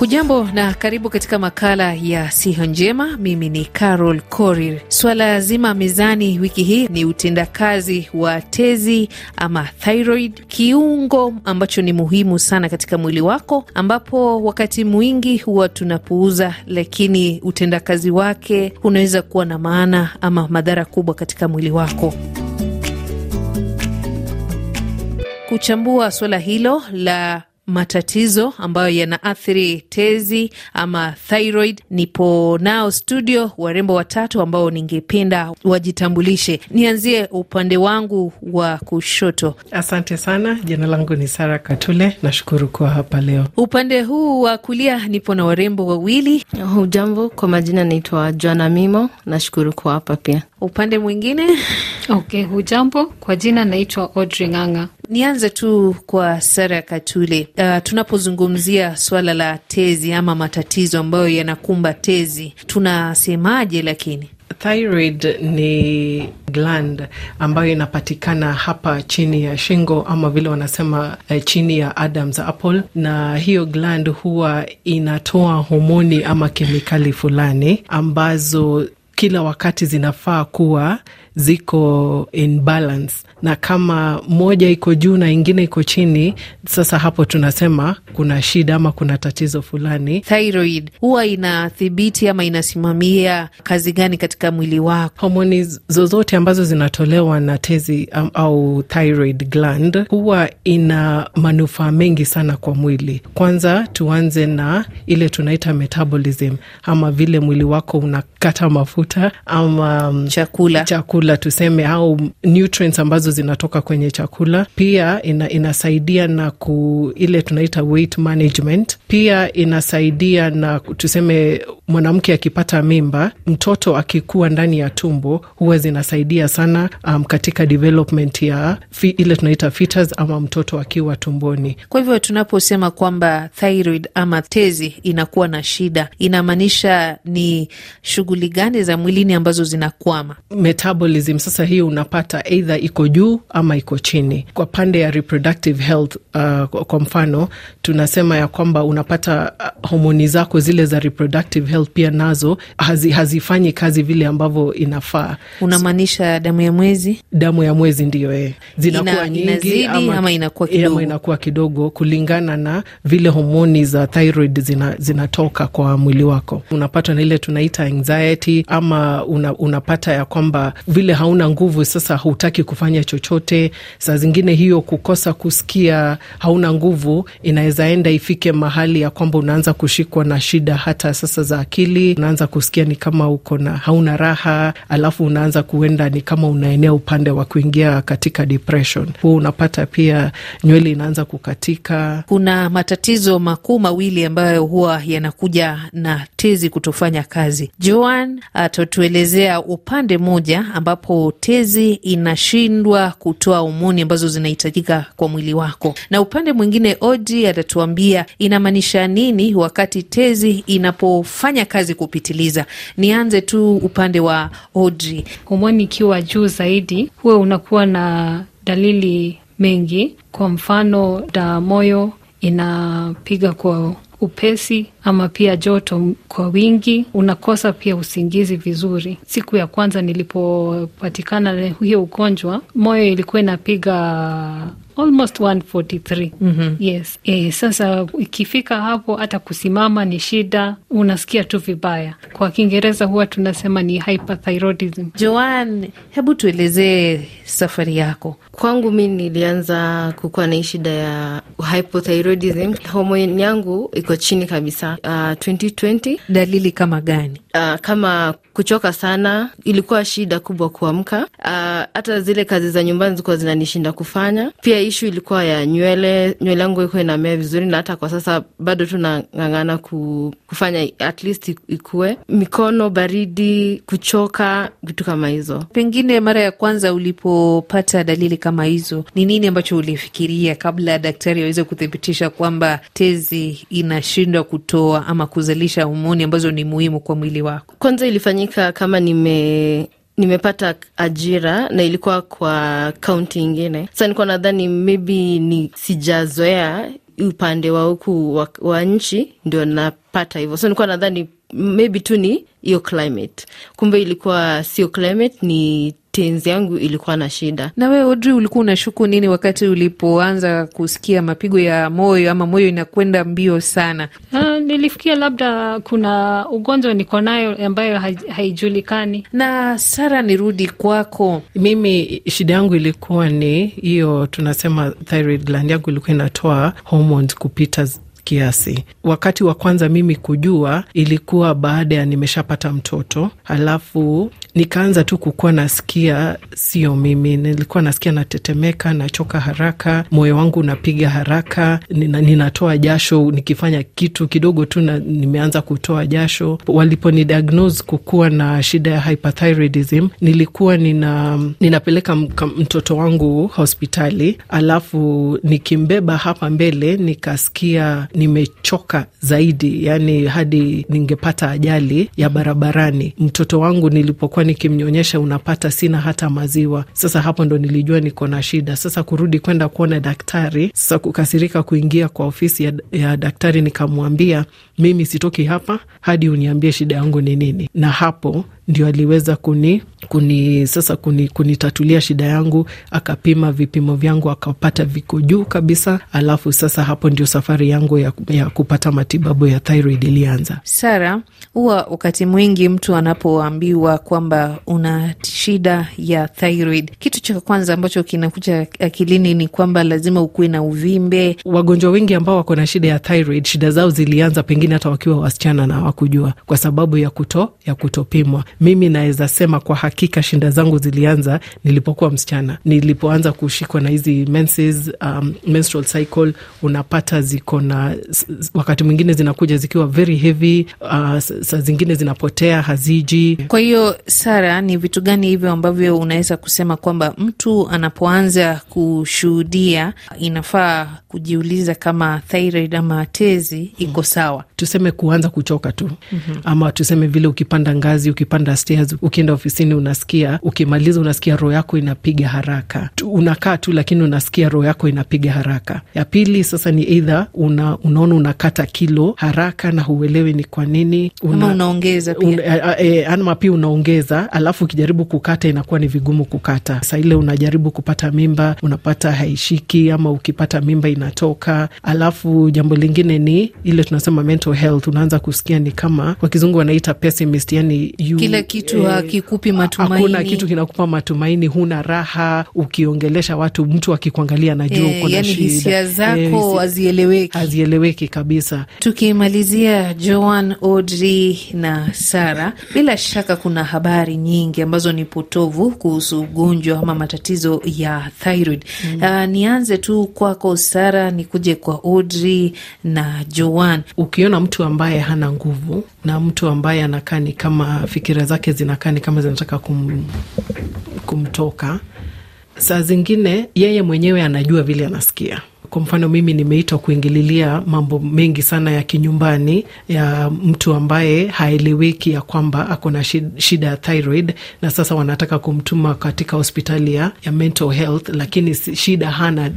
Hujambo na karibu katika makala ya siha njema. Mimi ni Carol Korir. Swala zima mezani wiki hii ni utendakazi wa tezi ama thyroid, kiungo ambacho ni muhimu sana katika mwili wako, ambapo wakati mwingi huwa tunapuuza, lakini utendakazi wake unaweza kuwa na maana ama madhara kubwa katika mwili wako. Kuchambua suala hilo la matatizo ambayo yanaathiri tezi ama thyroid. Nipo nao studio warembo watatu ambao ningependa wajitambulishe. Nianzie upande wangu wa kushoto. Asante sana, jina langu ni Sara Katule, nashukuru kuwa hapa leo. Upande huu wa kulia nipo na warembo wawili. Hujambo, kwa majina naitwa Joana Mimo, nashukuru kuwa hapa pia. Upande mwingine okay, hujambo, kwa jina naitwa Audrey Ng'ang'a. Nianze tu kwa Sara Katule. Uh, tunapozungumzia swala la tezi ama matatizo ambayo yanakumba tezi tunasemaje? Lakini thyroid ni gland ambayo inapatikana hapa chini ya shingo ama vile wanasema eh, chini ya Adam's apple, na hiyo gland huwa inatoa homoni ama kemikali fulani ambazo kila wakati zinafaa kuwa ziko in balance, na kama moja iko juu na ingine iko chini, sasa hapo tunasema kuna shida ama kuna tatizo fulani. Thyroid huwa inathibiti ama inasimamia kazi gani katika mwili wako? Homoni zozote ambazo zinatolewa na tezi um, au thyroid gland huwa ina manufaa mengi sana kwa mwili. Kwanza tuanze na ile tunaita metabolism, ama vile mwili wako unakata mafuta ama um, chakula, chakula chakula tuseme, au nutrients ambazo zinatoka kwenye chakula. Pia ina, inasaidia na ku, ile tunaita weight management. Pia inasaidia na tuseme, mwanamke akipata mimba, mtoto akikuwa ndani ya tumbo, huwa zinasaidia sana um, katika development ya fi, ile tunaita fetus ama mtoto akiwa tumboni. Kwa hivyo tunaposema kwamba thyroid ama tezi inakuwa na shida, inamaanisha ni shughuli gani za mwilini ambazo zinakwama? Metabol metabolism sasa hii unapata eidha iko juu ama iko chini. Kwa pande ya reproductive health uh, kwa mfano tunasema ya kwamba unapata uh, homoni zako zile za reproductive health pia nazo hazi, hazifanyi kazi vile ambavyo inafaa. Unamaanisha damu ya mwezi? Damu ya mwezi ndiyo, eh, zinakuwa nyingi ama, ama inakuwa eh, kidogo, inakuwa kidogo kulingana na vile homoni za thyroid zina, zinatoka kwa mwili wako. unapatwa na ile tunaita anxiety ama una, unapata ya kwamba vile hauna nguvu, sasa hutaki kufanya chochote. Saa zingine hiyo kukosa kusikia, hauna nguvu, inaweza enda ifike mahali ya kwamba unaanza kushikwa na shida hata sasa za akili, unaanza kusikia ni kama uko na hauna raha, alafu unaanza kuenda ni kama unaenea upande wa kuingia katika depression. Huu unapata pia nywele inaanza kukatika. Kuna matatizo makuu mawili ambayo huwa yanakuja na tezi kutofanya kazi. Joan atatuelezea uh, upande mmoja amba ambapo tezi inashindwa kutoa homoni ambazo zinahitajika kwa mwili wako, na upande mwingine Oji atatuambia inamaanisha nini wakati tezi inapofanya kazi kupitiliza. Nianze tu upande wa Oji. Homoni ikiwa juu zaidi, huwa unakuwa na dalili mengi, kwa mfano da moyo inapiga kwa upesi ama pia joto kwa wingi, unakosa pia usingizi vizuri. Siku ya kwanza nilipopatikana hiyo ugonjwa, moyo ilikuwa inapiga almost 143. mm -hmm. Yes. E, sasa ikifika hapo hata kusimama ni shida, unasikia tu vibaya. Kwa Kiingereza huwa tunasema ni hyperthyroidism. Joan, hebu tuelezee safari yako. Kwangu mi nilianza kukuwa na hii shida ya hypothyroidism, homon yangu iko chini kabisa. Uh, ah, 2020. Dalili kama gani? Uh, kama kuchoka sana, ilikuwa shida kubwa kuamka. Uh, zile kazi za nyumbani zilikuwa zinanishinda kufanya pia ishu ilikuwa ya nywele, nywele yangu ikuwa inamea vizuri, na hata kwa sasa bado tunang'ang'ana ku, kufanya at least ikue. Mikono baridi, kuchoka, vitu kama hizo. Pengine mara ya kwanza ulipopata dalili kama hizo, ni nini ambacho ulifikiria kabla daktari aweze kuthibitisha kwamba tezi inashindwa kutoa ama kuzalisha homoni ambazo ni muhimu kwa mwili wako? Kwanza ilifanyika kama nime nimepata ajira na ilikuwa kwa kaunti ingine. sa nikuwa nadhani maybe ni sijazoea upande wa huku wa, wa nchi ndio napata hivyo, so nilikuwa nadhani maybe tu ni hiyo climate, kumbe ilikuwa sio climate, ni tenzi yangu ilikuwa na shida. Na wewe Audrey, ulikuwa unashuku nini wakati ulipoanza kusikia mapigo ya moyo ama moyo inakwenda mbio sana? Uh, nilifikia labda kuna ugonjwa niko nayo ambayo haijulikani. Na Sara, nirudi kwako. Mimi shida yangu ilikuwa ni hiyo, tunasema thyroid gland yangu ilikuwa inatoa hormones kupita kiasi. Wakati wa kwanza mimi kujua ilikuwa baada ya nimeshapata mtoto, alafu nikaanza tu kukuwa nasikia sio mimi, nilikuwa nasikia natetemeka, nachoka haraka, moyo wangu unapiga haraka, nina, ninatoa jasho nikifanya kitu kidogo tu na nimeanza kutoa jasho. Waliponidiagnose kukuwa na shida ya hyperthyroidism, nilikuwa nina, ninapeleka mtoto wangu hospitali, alafu nikimbeba hapa mbele nikasikia nimechoka zaidi, yani hadi ningepata ajali ya barabarani. Mtoto wangu nilipokuwa nilikuwa nikimnyonyesha, unapata sina hata maziwa. Sasa hapo ndo nilijua niko na shida. Sasa kurudi kwenda kuona daktari, sasa kukasirika kuingia kwa ofisi ya, ya daktari, nikamwambia mimi sitoki hapa hadi uniambie shida yangu ni nini, na hapo ndio aliweza kuni, kuni sasa kuni, kunitatulia shida yangu, akapima vipimo vyangu akapata viko juu kabisa. Alafu sasa hapo ndio safari yangu ya, ya kupata matibabu ya thyroid ilianza. Sara, huwa wakati mwingi mtu anapoambiwa kwamba una shida ya thyroid, kitu cha kwanza ambacho kinakuja akilini ni kwamba lazima ukuwe na uvimbe. Wagonjwa wengi ambao wako na shida ya thyroid, shida zao zilianza pengine hata wakiwa wasichana na hawakujua, kwa sababu ya kuto ya kutopimwa mimi naweza sema kwa hakika shinda zangu zilianza nilipokuwa msichana, nilipoanza kushikwa na hizi menses, um, menstrual cycle, unapata ziko na wakati mwingine zinakuja zikiwa very heavy, uh, saa zingine zinapotea haziji. Kwa hiyo Sara, ni vitu gani hivyo ambavyo unaweza kusema kwamba mtu anapoanza kushuhudia inafaa kujiuliza kama thyroid ama tezi iko sawa? Tuseme kuanza kuchoka tu, mm -hmm. ama tuseme vile ukipanda ngazi ukipanda stairs, ukienda ofisini unasikia, ukimaliza unasikia roho yako inapiga haraka, unakaa tu, lakini unasikia roho yako inapiga haraka. Ya pili sasa ni eidha una, unaona unakata kilo haraka na huelewi ni kwa nini una, unaongeza pia. Un, e, e, pia unaongeza, alafu ukijaribu kukata inakuwa ni vigumu kukata. Saa ile unajaribu kupata mimba unapata haishiki, ama ukipata mimba inatoka. Alafu jambo lingine ni ile tunasema mental health, unaanza kusikia ni kama kwa kizungu wanaita pessimist, yani you, kile kitu eh, hakikupi matumaini. Hakuna kitu kinakupa matumaini, huna raha ukiongelesha watu, mtu akikuangalia najua eh, yani shida, hisia eh, zako hazieleweki, eh, hazieleweki kabisa. Tukimalizia Joan, Audrey na Sara, bila shaka kuna habari nyingi ambazo ni potovu kuhusu ugonjwa ama matatizo ya thyroid. Mm. Uh, nianze tu kwako sara Sara, nikuje kwa Audrey na Joan. Ukiona mtu ambaye hana nguvu na mtu ambaye anakaa ni kama fikira hasira zake zinakaa ni kama zinataka kum, kumtoka. Saa zingine yeye mwenyewe anajua vile anasikia kwa mfano mimi nimeitwa kuingililia mambo mengi sana ya kinyumbani ya mtu ambaye haeleweki ya kwamba ako na shida ya thyroid, na sasa wanataka kumtuma katika hospitali ya mental health, lakini shida hana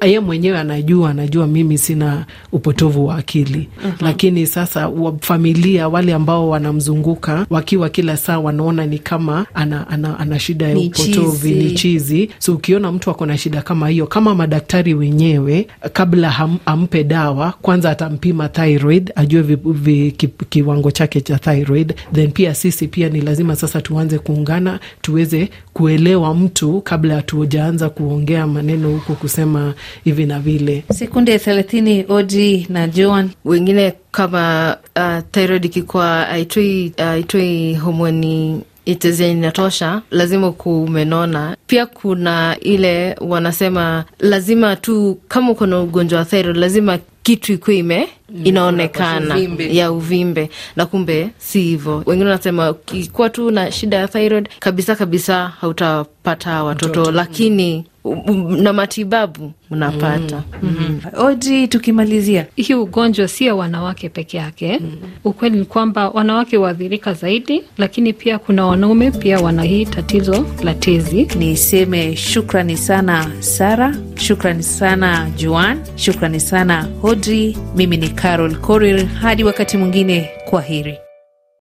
aye mwenyewe anajua, anajua mimi sina upotovu wa akili mm -hmm. Lakini sasa familia wale ambao wanamzunguka wakiwa kila saa wanaona ni kama ana, ana, ana shida ya upotovu, ni chizi. So ukiona mtu ako na shida kama hiyo, kama madaktari wenyewe mwenyewe kabla ampe dawa, kwanza atampima thyroid, ajue vi, vi, ki, kiwango chake cha thyroid. Then pia sisi pia ni lazima sasa tuanze kuungana, tuweze kuelewa mtu kabla hatujaanza kuongea maneno huku kusema hivi na vile. Sekunde thelathini, Odi na Joan. Wengine kama uh, thyroid ikikuwa aitoi homoni ichezea inatosha, lazima kumenona. Pia kuna ile wanasema lazima tu kama uko na ugonjwa wa thairo lazima kitu ikuwe ime inaonekana ya uvimbe na kumbe si hivyo. Wengine wanasema ukikuwa tu na shida ya thyroid kabisa kabisa hautapata watoto, lakini na matibabu mnapata. mm -hmm. mm -hmm. Odi, tukimalizia hii ugonjwa si ya wanawake peke yake. mm -hmm. Ukweli ni kwamba wanawake waathirika zaidi, lakini pia kuna wanaume pia wana hii tatizo la tezi. Niseme shukrani sana Sara, shukrani sana Juan, shukrani sana Hodri. Mimi ni Carol Korir, hadi wakati mwingine, kwa heri.